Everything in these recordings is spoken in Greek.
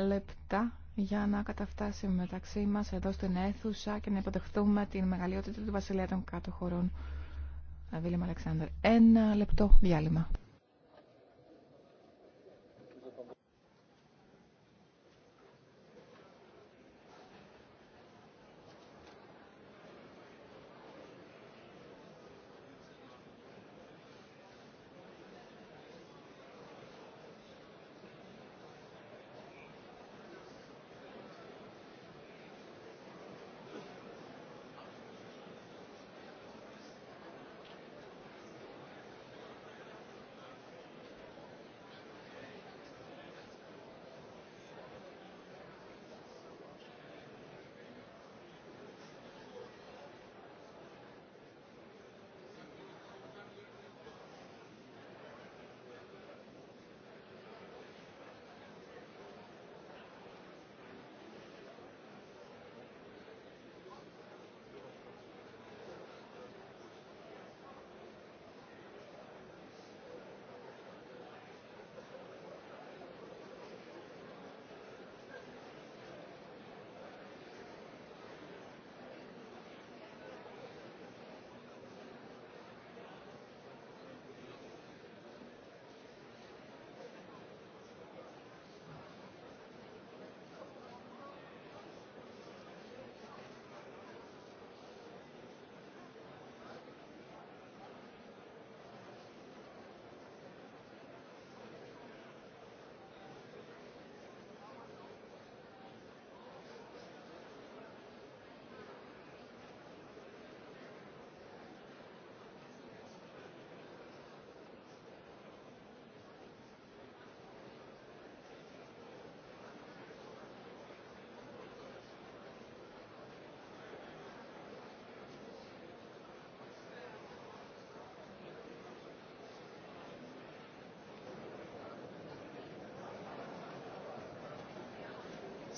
λεπτά για να καταφτάσουμε μεταξύ μας εδώ στην αίθουσα και να υποδεχθούμε την μεγαλειότητα του βασιλεία των κάτω χωρών. Αλεξάνδρ. Ένα λεπτό διάλειμμα.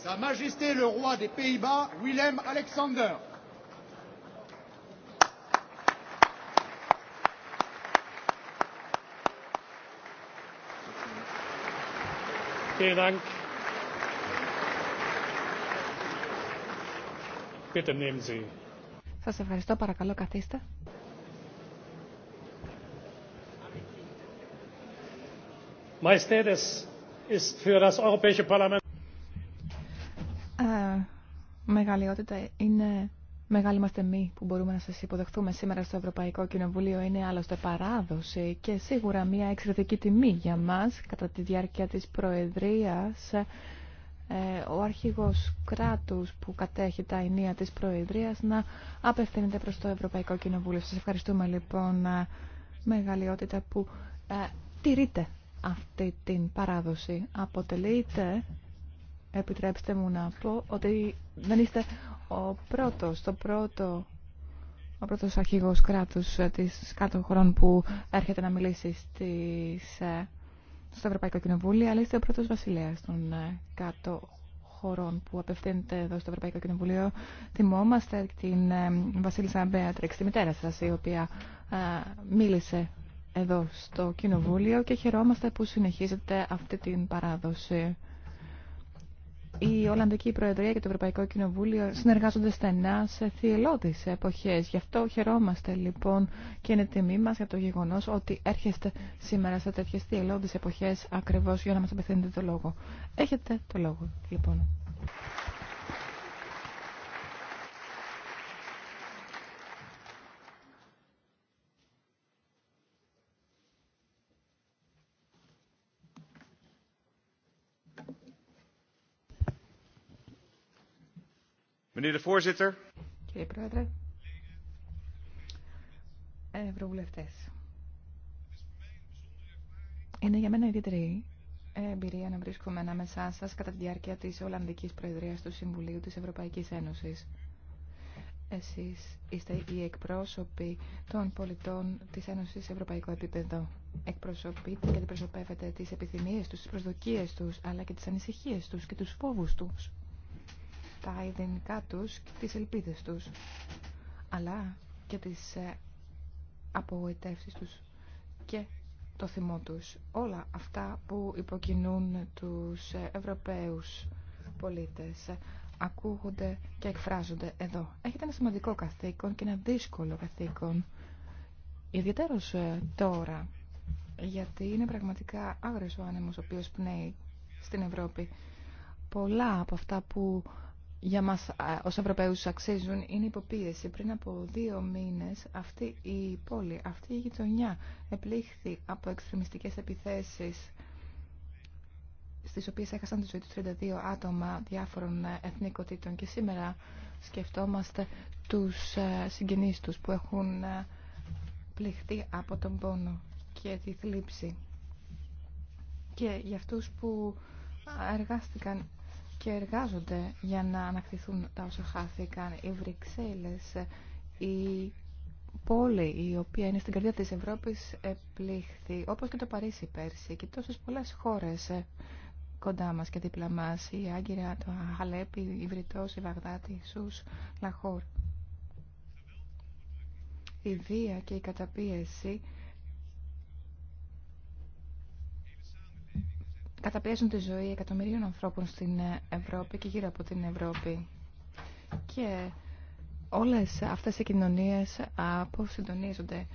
Sa Majesté le roi des Pays-Bas, Willem Alexander. Vielen Dank. Bitte nehmen Sie. Σας ευχαριστώ. Παρακαλώ καθίστε. Majestät, es ist für das Europäische Parlament μεγαλειότητα είναι μεγάλη μας τιμή που μπορούμε να σας υποδεχθούμε σήμερα στο Ευρωπαϊκό Κοινοβούλιο. Είναι άλλωστε παράδοση και σίγουρα μια εξαιρετική τιμή για μας κατά τη διάρκεια της Προεδρίας. Ε, ο αρχηγός κράτους που κατέχει τα ενία της Προεδρίας να απευθύνεται προς το Ευρωπαϊκό Κοινοβούλιο. Σας ευχαριστούμε λοιπόν ε, μεγαλειότητα που ε, τηρείτε αυτή την παράδοση. Αποτελείται επιτρέψτε μου να πω ότι δεν είστε ο πρώτος, το πρώτο, ο πρώτος αρχηγός κράτους ε, της κάτω χωρών που έρχεται να μιλήσει στις, ε, στο Ευρωπαϊκό Κοινοβούλιο, αλλά είστε ο πρώτος βασιλέας των ε, κάτω χωρών που απευθύνεται εδώ στο Ευρωπαϊκό Κοινοβούλιο. Θυμόμαστε την Βασίλισσα Μπέατρεξ, τη μητέρα σας, η οποία μίλησε εδώ στο Κοινοβούλιο και χαιρόμαστε που συνεχίζετε αυτή την παράδοση η Ολλανδική Προεδρία και το Ευρωπαϊκό Κοινοβούλιο συνεργάζονται στενά σε θυελώδεις εποχές. Γι' αυτό χαιρόμαστε λοιπόν και είναι τιμή μας για το γεγονός ότι έρχεστε σήμερα σε τέτοιες θυελώδεις εποχές ακριβώς για να μας απευθύνετε το λόγο. Έχετε το λόγο λοιπόν. Κύριε Πρόεδρε, Ευρωβουλευτές, είναι για μένα ιδιαίτερη εμπειρία να βρίσκομαι ανάμεσά σας κατά τη διάρκεια της Ολλανδικής Προεδρίας του Συμβουλίου της Ευρωπαϊκής Ένωσης. Εσείς είστε οι εκπρόσωποι των πολιτών της Ένωσης σε ευρωπαϊκό επίπεδο. Εκπροσωπείτε και αντιπροσωπεύετε τις επιθυμίες τους, τις προσδοκίες τους, αλλά και τις ανησυχίες τους και τους φόβους τους τα ιδανικά τους και τις ελπίδες τους, αλλά και τις ε, απογοητεύσεις τους και το θυμό τους. Όλα αυτά που υποκινούν τους ε, Ευρωπαίους πολίτες ε, ακούγονται και εκφράζονται εδώ. Έχετε ένα σημαντικό καθήκον και ένα δύσκολο καθήκον, ιδιαίτερος τώρα, γιατί είναι πραγματικά άγριος ο άνεμος ο οποίος πνέει στην Ευρώπη. Πολλά από αυτά που για μας ως Ευρωπαίους αξίζουν είναι υποπίεση. Πριν από δύο μήνες αυτή η πόλη, αυτή η γειτονιά επλήχθη από εξτρεμιστικές επιθέσεις στις οποίες έχασαν τη ζωή του 32 άτομα διάφορων εθνικοτήτων και σήμερα σκεφτόμαστε τους ε, συγγενείς τους που έχουν ε, πληχθεί από τον πόνο και τη θλίψη και για αυτούς που εργάστηκαν και εργάζονται για να ανακτηθούν τα όσα χάθηκαν. Οι Βρυξέλλες, η πόλη η οποία είναι στην καρδιά της Ευρώπης επλήχθη, όπως και το Παρίσι πέρσι και τόσες πολλές χώρες κοντά μας και δίπλα μας, η Άγκυρα, το Αχαλέπι, η Βρυτός, η Βαγδάτη, η Σούς, Λαχόρ. Η βία και η καταπίεση καταπιέζουν τη ζωή εκατομμυρίων ανθρώπων στην ε, Ευρώπη και γύρω από την Ευρώπη. Και όλες αυτές οι κοινωνίες αποσυντονίζονται.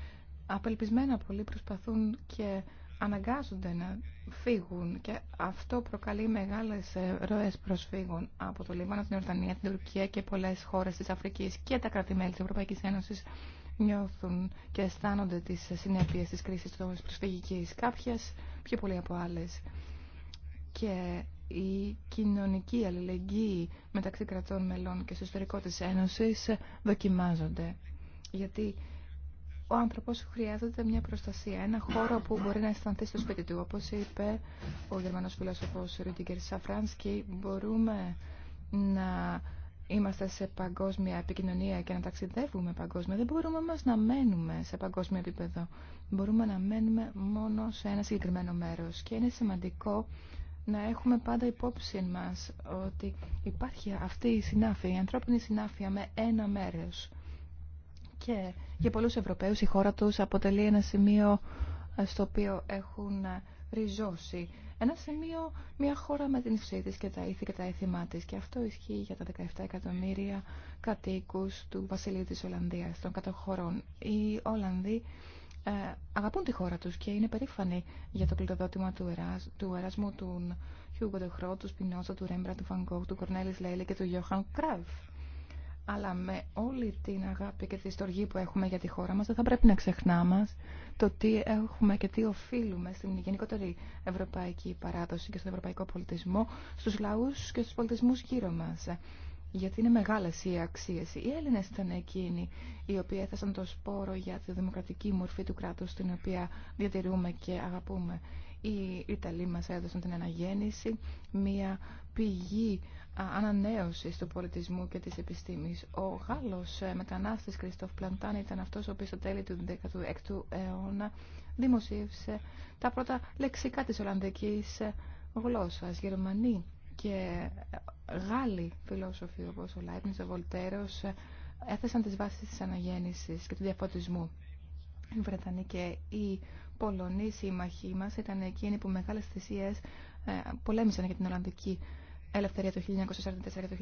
Απελπισμένα πολλοί προσπαθούν και αναγκάζονται να φύγουν και αυτό προκαλεί μεγάλες ε, ροές προσφύγων από το Λίβανο, την Ορδανία, την Τουρκία και πολλές χώρες της Αφρικής και τα κράτη-μέλη της Ευρωπαϊκής Ένωσης νιώθουν και αισθάνονται τις ε, συνέπειες της κρίσης της προσφυγικής κάποιες πιο πολύ από άλλες και η κοινωνική αλληλεγγύη μεταξύ κρατών μελών και στο ιστορικό της Ένωσης δοκιμάζονται. Γιατί ο άνθρωπος χρειάζεται μια προστασία, ένα χώρο που μπορεί να αισθανθεί στο σπίτι του. Όπως είπε ο Γερμανός φιλόσοφος Ρίτιγκερ Σαφράνσκι, μπορούμε να είμαστε σε παγκόσμια επικοινωνία και να ταξιδεύουμε παγκόσμια. Δεν μπορούμε όμω να μένουμε σε παγκόσμιο επίπεδο. Μπορούμε να μένουμε μόνο σε ένα συγκεκριμένο μέρο. Και είναι σημαντικό να έχουμε πάντα υπόψη μας ότι υπάρχει αυτή η συνάφεια, η ανθρώπινη συνάφεια με ένα μέρος. Και για πολλούς Ευρωπαίους η χώρα τους αποτελεί ένα σημείο ε, στο οποίο έχουν ε, ριζώσει. Ένα σημείο, μια χώρα με την ψή της και τα ήθη και τα έθιμά της. Και αυτό ισχύει για τα 17 εκατομμύρια κατοίκους του Βασιλείου της Ολλανδίας, των κατοχωρών. Οι Ολλανδοί ε, αγαπούν τη χώρα τους και είναι περήφανοι για το κλειδοδότημα του, ερασ, του Ερασμού, του Χιούγκο Ντεχρό, του Σπινόσα, του Ρέμπρα, του Φανγκόκ, του Κορνέλης Λέιλε και του Γιώχαν Κράβ. Αλλά με όλη την αγάπη και τη στοργή που έχουμε για τη χώρα μας, δεν θα πρέπει να ξεχνάμε το τι έχουμε και τι οφείλουμε στην γενικότερη ευρωπαϊκή παράδοση και στον ευρωπαϊκό πολιτισμό, στους λαούς και στους πολιτισμούς γύρω μας γιατί είναι μεγάλες οι αξίε. Οι Έλληνε ήταν εκείνοι οι οποίοι έθεσαν το σπόρο για τη δημοκρατική μορφή του κράτου την οποία διατηρούμε και αγαπούμε. Οι Ιταλοί μα έδωσαν την αναγέννηση, μια πηγή ανανέωση του πολιτισμού και τη επιστήμης. Ο Γάλλο ε, μετανάστη Κριστόφ Πλαντάν ήταν αυτό ο οποίος στο τέλη του 16ου αιώνα δημοσίευσε τα πρώτα λεξικά τη Ολλανδική ε, γλώσσα, Γερμανοί και Γάλλοι φιλόσοφοι όπω ο Λάιπνι, ο Βολτέρο, ε, έθεσαν τι βάσει τη αναγέννηση και του διαφωτισμού. Οι Βρετανοί και οι Πολωνοί σύμμαχοί μα ήταν εκείνοι που μεγάλε θυσίε ε, πολέμησαν για την Ολλανδική ελευθερία το 1944 και το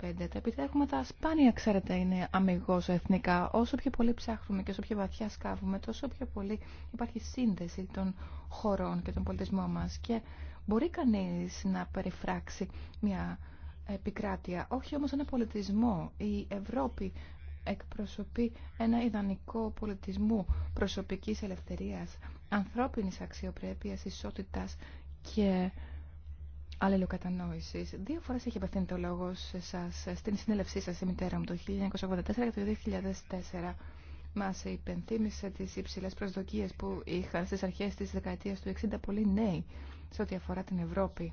1945. Τα επιτεύγματα σπάνια, ξέρετε, είναι αμυγό εθνικά. Όσο πιο πολύ ψάχνουμε και όσο πιο βαθιά σκάβουμε, τόσο πιο πολύ υπάρχει σύνδεση των χωρών και των πολιτισμών μα. Και Μπορεί κανείς να περιφράξει μια επικράτεια, όχι όμως ένα πολιτισμό. Η Ευρώπη εκπροσωπεί ένα ιδανικό πολιτισμό προσωπικής ελευθερίας, ανθρώπινης αξιοπρέπειας, ισότητας και αλληλοκατανόησης. Δύο φορές έχει απευθύνει το λόγο σε σας, στην συνέλευσή σας η μητέρα μου το 1984 και το 2004. Μας υπενθύμησε τις υψηλές προσδοκίες που είχαν στις αρχές της δεκαετίας του 60 πολλοί νέοι σε ό,τι αφορά την Ευρώπη.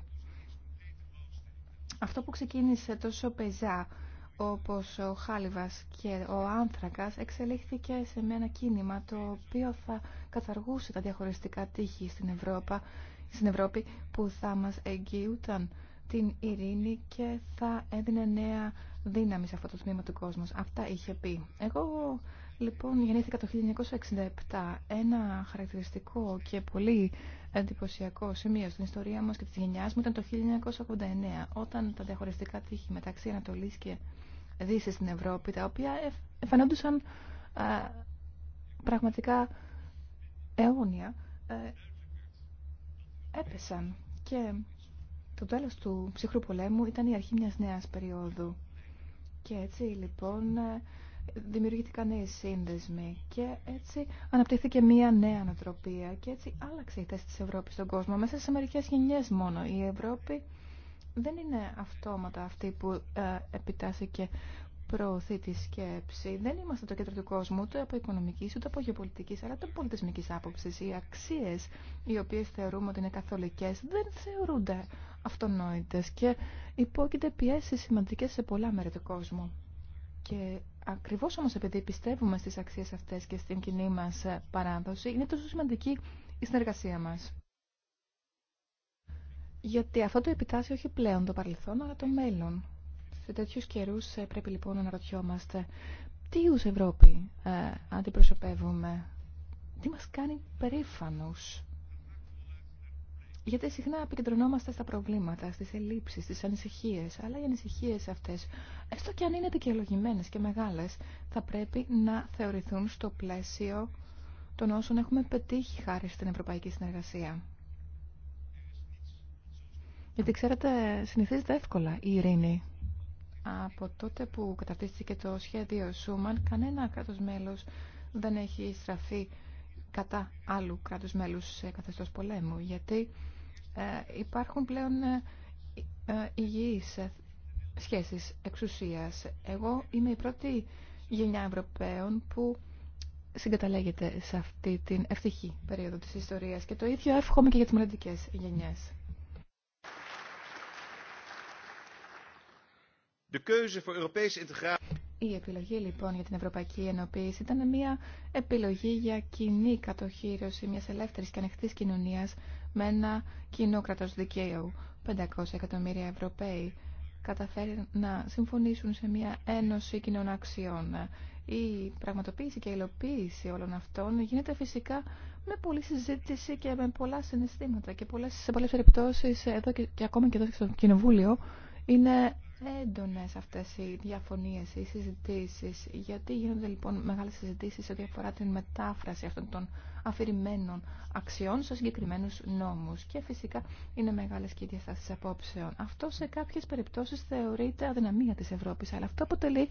Αυτό που ξεκίνησε τόσο πεζά όπως ο Χάλιβας και ο Άνθρακας εξελίχθηκε σε ένα κίνημα το οποίο θα καταργούσε τα διαχωριστικά τείχη στην, Ευρώπη, στην Ευρώπη που θα μας εγγυούταν την ειρήνη και θα έδινε νέα δύναμη σε αυτό το τμήμα του κόσμου. Αυτά είχε πει. Εγώ Λοιπόν, γεννήθηκα το 1967. Ένα χαρακτηριστικό και πολύ εντυπωσιακό σημείο στην ιστορία μας και της γενιάς μου ήταν το 1989, όταν τα διαχωριστικά τείχη μεταξύ Ανατολής και Δύσης στην Ευρώπη, τα οποία εμφανόντουσαν πραγματικά αιώνια, ε, έπεσαν. Και το τέλος του ψυχρού πολέμου ήταν η αρχή μιας νέας περίοδου. Και έτσι, λοιπόν... Ε, δημιουργήθηκαν νέοι σύνδεσμοι και έτσι αναπτύχθηκε μία νέα ανατροπία και έτσι άλλαξε η θέση της Ευρώπης στον κόσμο. Μέσα σε μερικές γενιές μόνο η Ευρώπη δεν είναι αυτόματα αυτή που ε, επιτάσσει και προωθεί τη σκέψη. Δεν είμαστε το κέντρο του κόσμου ούτε από οικονομική ούτε από γεωπολιτική αλλά από πολιτισμική άποψη. Οι αξίε οι οποίε θεωρούμε ότι είναι καθολικέ δεν θεωρούνται αυτονόητε και υπόκειται πιέσει σημαντικέ σε πολλά μέρη του κόσμου. Και ακριβώς όμως επειδή πιστεύουμε στις αξίες αυτές και στην κοινή μας παράδοση, είναι τόσο σημαντική η συνεργασία μας. Γιατί αυτό το επιτάσσει όχι πλέον το παρελθόν, αλλά το μέλλον. Σε τέτοιου καιρού ε, πρέπει λοιπόν να αναρωτιόμαστε τι είδου Ευρώπη ε, αντιπροσωπεύουμε, τι μας κάνει περήφανους. Γιατί συχνά επικεντρωνόμαστε στα προβλήματα, στις ελλείψεις, στις ανησυχίες, αλλά οι ανησυχίες αυτές, έστω και αν είναι δικαιολογημένες και μεγάλες, θα πρέπει να θεωρηθούν στο πλαίσιο των όσων έχουμε πετύχει χάρη στην ευρωπαϊκή συνεργασία. Γιατί ξέρετε, συνηθίζεται εύκολα η ειρήνη. Από τότε που καταρτίστηκε το σχέδιο Σούμαν, κανένα κράτος μέλος δεν έχει στραφεί κατά άλλου κράτους μέλους σε καθεστώς πολέμου, γιατί ε, υπάρχουν πλέον ε, ε, υγιείς σχέσεις εξουσίας. Εγώ είμαι η πρώτη γενιά Ευρωπαίων που συγκαταλέγεται σε αυτή την ευτυχή περίοδο της ιστορίας και το ίδιο εύχομαι και για τις μελλοντικές γενιές. De η επιλογή λοιπόν για την Ευρωπαϊκή Ενωποίηση ήταν μια επιλογή για κοινή κατοχήρωση μιας ελεύθερης και ανοιχτής κοινωνίας με ένα κοινό κρατός δικαίου. 500 εκατομμύρια Ευρωπαίοι καταφέρει να συμφωνήσουν σε μια ένωση κοινών αξιών. Η πραγματοποίηση και η υλοποίηση όλων αυτών γίνεται φυσικά με πολλή συζήτηση και με πολλά συναισθήματα και πολλές, σε πολλές περιπτώσεις εδώ και, και ακόμα και εδώ στο Κοινοβούλιο είναι έντονες αυτές οι διαφωνίες, οι συζητήσεις. Γιατί γίνονται λοιπόν μεγάλες συζητήσεις ό,τι αφορά την μετάφραση αυτών των αφηρημένων αξιών σε συγκεκριμένους νόμους. Και φυσικά είναι μεγάλες και οι διαστάσεις απόψεων. Αυτό σε κάποιες περιπτώσεις θεωρείται αδυναμία της Ευρώπης, αλλά αυτό αποτελεί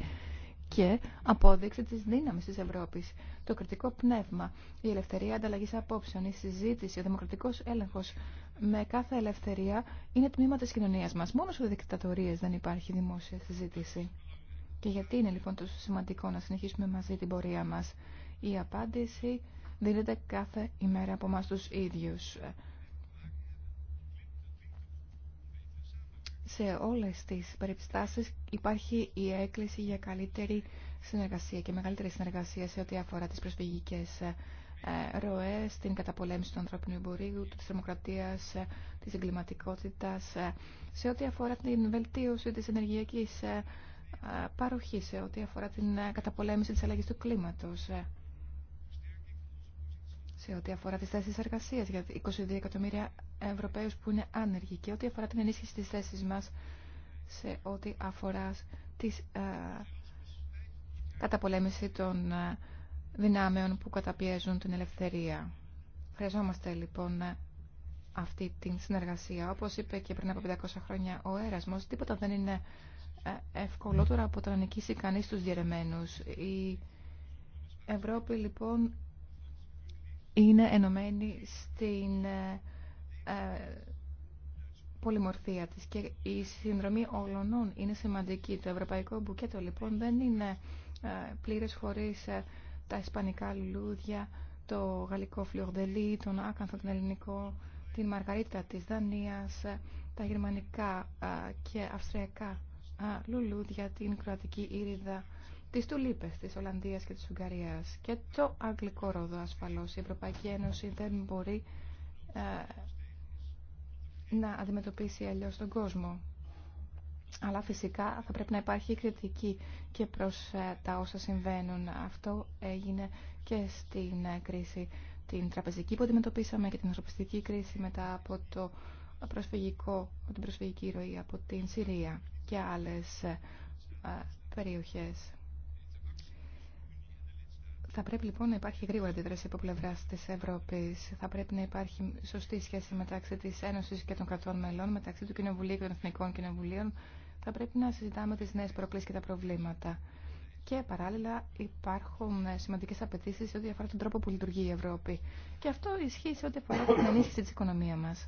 και απόδειξη της δύναμης της Ευρώπης. Το κριτικό πνεύμα, η ελευθερία ανταλλαγής απόψεων, η συζήτηση, ο δημοκρατικός έλεγχος με κάθε ελευθερία είναι τμήμα της κοινωνίας μας. Μόνο σε δικτατορίες δεν υπάρχει δημόσια συζήτηση. Και γιατί είναι λοιπόν τόσο σημαντικό να συνεχίσουμε μαζί την πορεία μας. Η απάντηση δίνεται κάθε ημέρα από εμάς τους ίδιους. Σε όλες τις περιπτώσεις υπάρχει η έκκληση για καλύτερη συνεργασία και μεγαλύτερη συνεργασία σε ό,τι αφορά τις προσφυγικές ε, ροέ στην καταπολέμηση του ανθρώπινου εμπορίου, τη θερμοκρατία, ε, τη εγκληματικότητα, ε, σε ό,τι αφορά την βελτίωση τη ενεργειακή παροχή, σε ό,τι αφορά την καταπολέμηση τη αλλαγή του κλίματο, σε ό,τι αφορά τι θέσει εργασία, για 22 εκατομμύρια Ευρωπαίου που είναι άνεργοι και ό,τι αφορά την ενίσχυση τη θέση μα, σε ό,τι αφορά τη καταπολέμηση των δυνάμεων που καταπιέζουν την ελευθερία. Χρειαζόμαστε λοιπόν αυτή την συνεργασία. Όπως είπε και πριν από 500 χρόνια ο Έρασμος, τίποτα δεν είναι ευκολότερο από το να νικήσει κανείς τους διαιρεμένους. Η Ευρώπη λοιπόν είναι ενωμένη στην ε, ε, πολυμορφία της και η συνδρομή όλων είναι σημαντική. Το ευρωπαϊκό μπουκέτο λοιπόν δεν είναι ε, πλήρες χωρίς τα ισπανικά λουλούδια, το γαλλικό φλιορδελί, τον άκανθο, τον ελληνικό, την μαργαρίτα της Δανίας, ε, τα γερμανικά ε, και αυστριακά ε, λουλούδια, την κροατική ήριδα, τις τουλίπες της Ολλανδίας και της Ουγγαρίας και το αγγλικό ρόδο ασφαλώς. Η Ευρωπαϊκή Ένωση δεν μπορεί να αντιμετωπίσει αλλιώς τον κόσμο. Αλλά φυσικά θα πρέπει να υπάρχει κριτική και προς ε, τα όσα συμβαίνουν. Αυτό έγινε και στην ε, κρίση την τραπεζική που αντιμετωπίσαμε και την ανθρωπιστική κρίση μετά από το προσφυγικό, την προσφυγική ροή από την Συρία και άλλες ε, περιοχές. Θα πρέπει λοιπόν να υπάρχει γρήγορη αντίδραση από πλευρά τη Ευρώπη. Θα πρέπει να υπάρχει σωστή σχέση μεταξύ τη Ένωση και των κρατών μελών, μεταξύ του Κοινοβουλίου και των Εθνικών Κοινοβουλίων, θα πρέπει να συζητάμε τις νέες προκλήσεις και τα προβλήματα. Και παράλληλα υπάρχουν σημαντικές απαιτήσεις σε ό,τι αφορά τον τρόπο που λειτουργεί η Ευρώπη. Και αυτό ισχύει σε ό,τι αφορά την ενίσχυση της οικονομίας μας.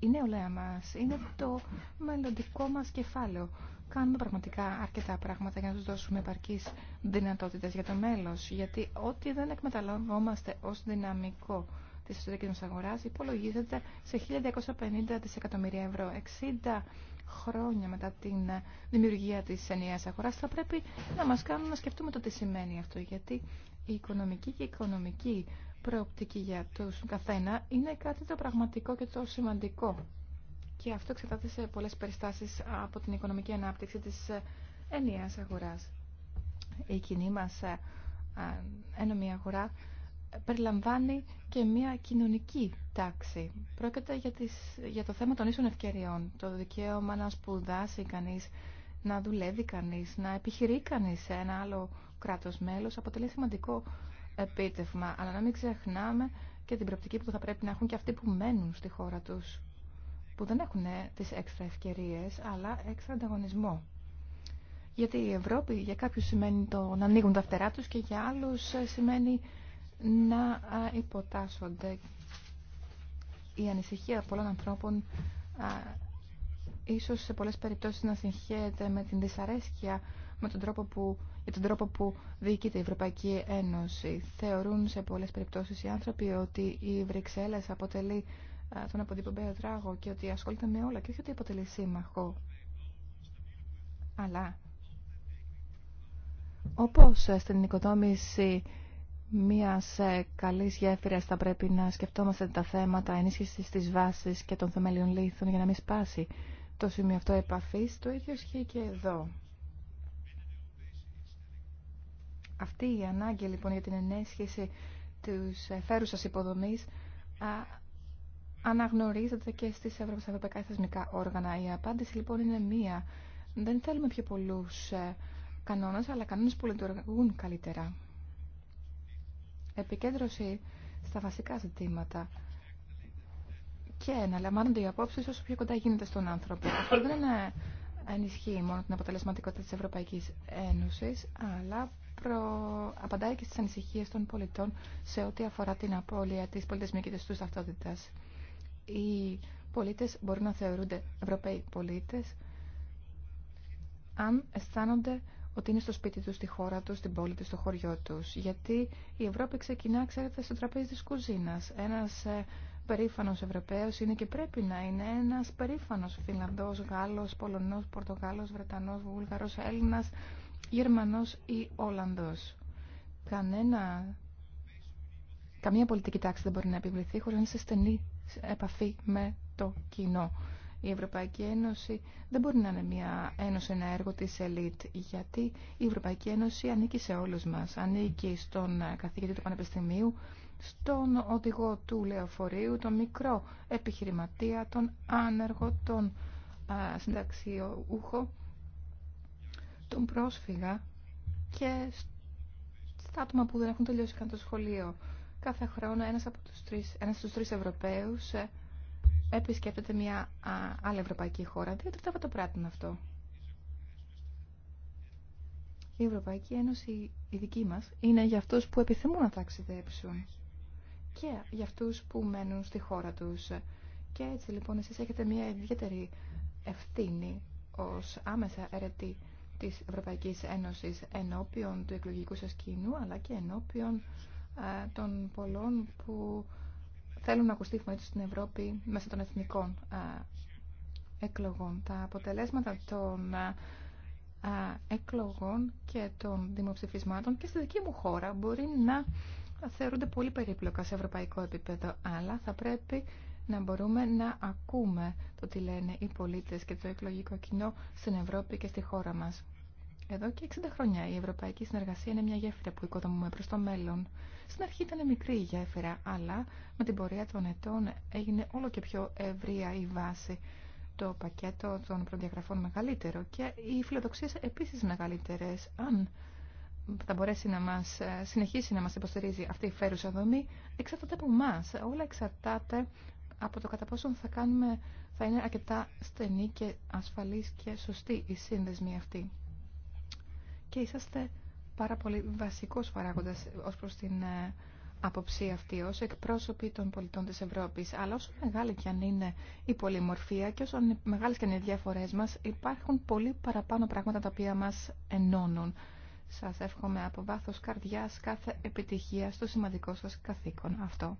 Η νεολαία μας είναι το μελλοντικό μας κεφάλαιο. Κάνουμε πραγματικά αρκετά πράγματα για να τους δώσουμε επαρκείς δυνατότητες για το μέλλον. Γιατί ό,τι δεν εκμεταλλευόμαστε ως δυναμικό της εσωτερικής μας αγοράς υπολογίζεται σε 1.250 δισεκατομμύρια ευρώ χρόνια μετά την ε, δημιουργία της ενιαίας αγοράς θα πρέπει να μας κάνουν να σκεφτούμε το τι σημαίνει αυτό γιατί η οικονομική και η οικονομική προοπτική για τους καθένα είναι κάτι το πραγματικό και το σημαντικό και αυτό εξετάται σε πολλές περιστάσεις από την οικονομική ανάπτυξη της ε, ενιαίας αγοράς. Η κοινή μας ε, ένωμη αγορά περιλαμβάνει και μια κοινωνική τάξη. Πρόκειται για, τις, για το θέμα των ίσων ευκαιριών, το δικαίωμα να σπουδάσει κανείς, να δουλεύει κανείς, να επιχειρεί κανείς σε ένα άλλο κράτος μέλος, αποτελεί σημαντικό επίτευγμα, αλλά να μην ξεχνάμε και την προοπτική που θα πρέπει να έχουν και αυτοί που μένουν στη χώρα τους, που δεν έχουν ε, τις έξτρα ευκαιρίες, αλλά έξτρα ανταγωνισμό. Γιατί η Ευρώπη για κάποιους σημαίνει το να ανοίγουν τα φτερά τους και για άλλους ε, σημαίνει να υποτάσσονται η ανησυχία πολλών ανθρώπων ίσως σε πολλές περιπτώσεις να συγχέεται με την δυσαρέσκεια με τον τρόπο που, για τον τρόπο που διοικείται η Ευρωπαϊκή Ένωση. Θεωρούν σε πολλές περιπτώσεις οι άνθρωποι ότι η Βρυξέλλες αποτελεί τον αποτυπωμένο τράγο και ότι ασχολείται με όλα και όχι ότι αποτελεί σύμμαχο. Αλλά όπως στην οικοδόμηση μία ε, καλής γέφυρας θα πρέπει να σκεφτόμαστε τα θέματα ενίσχυσης της βάσης και των θεμελιών λήθων για να μην σπάσει το σημείο αυτό επαφής. Το ίδιο ισχύει και εδώ. Αυτή η ανάγκη λοιπόν για την ενίσχυση της φέρουσας υποδομής αναγνωρίζεται και στις ευρωπαϊκά θεσμικά όργανα. Η απάντηση λοιπόν είναι μία. Δεν θέλουμε πιο πολλούς ε, κανόνες, αλλά κανόνες που λειτουργούν καλύτερα επικέντρωση στα βασικά ζητήματα και να λαμβάνονται οι απόψει όσο πιο κοντά γίνεται στον άνθρωπο. Αυτό δεν είναι ενισχύει μόνο την αποτελεσματικότητα της Ευρωπαϊκής Ένωσης, αλλά προ... απαντάει και στις ανησυχίες των πολιτών σε ό,τι αφορά την απώλεια της πολιτισμικής τους ταυτότητας. Οι πολίτες μπορούν να θεωρούνται Ευρωπαίοι πολίτες αν αισθάνονται ότι είναι στο σπίτι του στη χώρα του, στην πόλη του στο χωριό του. Γιατί η Ευρώπη ξεκινά, ξέρετε, στο τραπέζι της κουζίνας. Ένας ε, περήφανο Ευρωπαίο είναι και πρέπει να είναι ένα περήφανο Φιλανδό, Γάλλος, Πολωνό, Πορτογάλο, Βρετανό, Βούλγαρος, Έλληνα, Γερμανο ή Ολλανδός. Κανένα, καμία πολιτική τάξη δεν μπορεί να επιβληθεί χωρίς να είναι σε στενή επαφή με το κοινό. Η Ευρωπαϊκή Ένωση δεν μπορεί να είναι μια ένωση, ένα έργο της ελίτ, γιατί η Ευρωπαϊκή Ένωση ανήκει σε όλους μας. Ανήκει στον ε, καθηγητή του Πανεπιστημίου, στον οδηγό του λεωφορείου, τον μικρό επιχειρηματία, τον άνεργο, τον ε, συνταξιούχο, τον πρόσφυγα και στα άτομα που δεν έχουν τελειώσει καν το σχολείο. Κάθε χρόνο ένας από τους τρεις, ένας τρεις Ευρωπαίους ε, επισκέπτεται μια άλλη ευρωπαϊκή χώρα. Δύο από το πράττουν αυτό. Η Ευρωπαϊκή Ένωση, η δική μας, είναι για αυτούς που επιθυμούν να ταξιδέψουν και για αυτούς που μένουν στη χώρα τους. Και έτσι λοιπόν εσείς έχετε μια ιδιαίτερη ευθύνη ως άμεσα αιρετή της Ευρωπαϊκής Ένωσης ενώπιον του εκλογικού σας κοινού αλλά και ενώπιον των πολλών που θέλουν να ακουστεί η στην Ευρώπη μέσα των εθνικών ε, εκλογών. Τα αποτελέσματα των ε, ε, εκλογών και των δημοψηφισμάτων και στη δική μου χώρα μπορεί να θεωρούνται πολύ περίπλοκα σε ευρωπαϊκό επίπεδο, αλλά θα πρέπει να μπορούμε να ακούμε το τι λένε οι πολίτες και το εκλογικό κοινό στην Ευρώπη και στη χώρα μας. Εδώ και 60 χρόνια η ευρωπαϊκή συνεργασία είναι μια γέφυρα που οικοδομούμε προς το μέλλον. Στην αρχή ήταν μικρή η γέφυρα, αλλά με την πορεία των ετών έγινε όλο και πιο ευρία η βάση. Το πακέτο των προδιαγραφών μεγαλύτερο και οι φιλοδοξίες επίσης μεγαλύτερες. Αν θα μπορέσει να μας ε, συνεχίσει να μας υποστηρίζει αυτή η φέρουσα δομή, εξαρτάται από εμά. Όλα εξαρτάται από το κατά πόσο θα κάνουμε, θα είναι αρκετά στενή και ασφαλής και σωστή η σύνδεσμη αυτή. Και είσαστε πάρα πολύ βασικός παράγοντας ως προς την άποψη ε, αυτή ως εκπρόσωποι των πολιτών της Ευρώπης. Αλλά όσο μεγάλη και αν είναι η πολυμορφία και όσο μεγάλες και αν είναι οι διαφορές μας, υπάρχουν πολύ παραπάνω πράγματα τα οποία μας ενώνουν. Σας εύχομαι από βάθος καρδιάς κάθε επιτυχία στο σημαντικό σας καθήκον αυτό.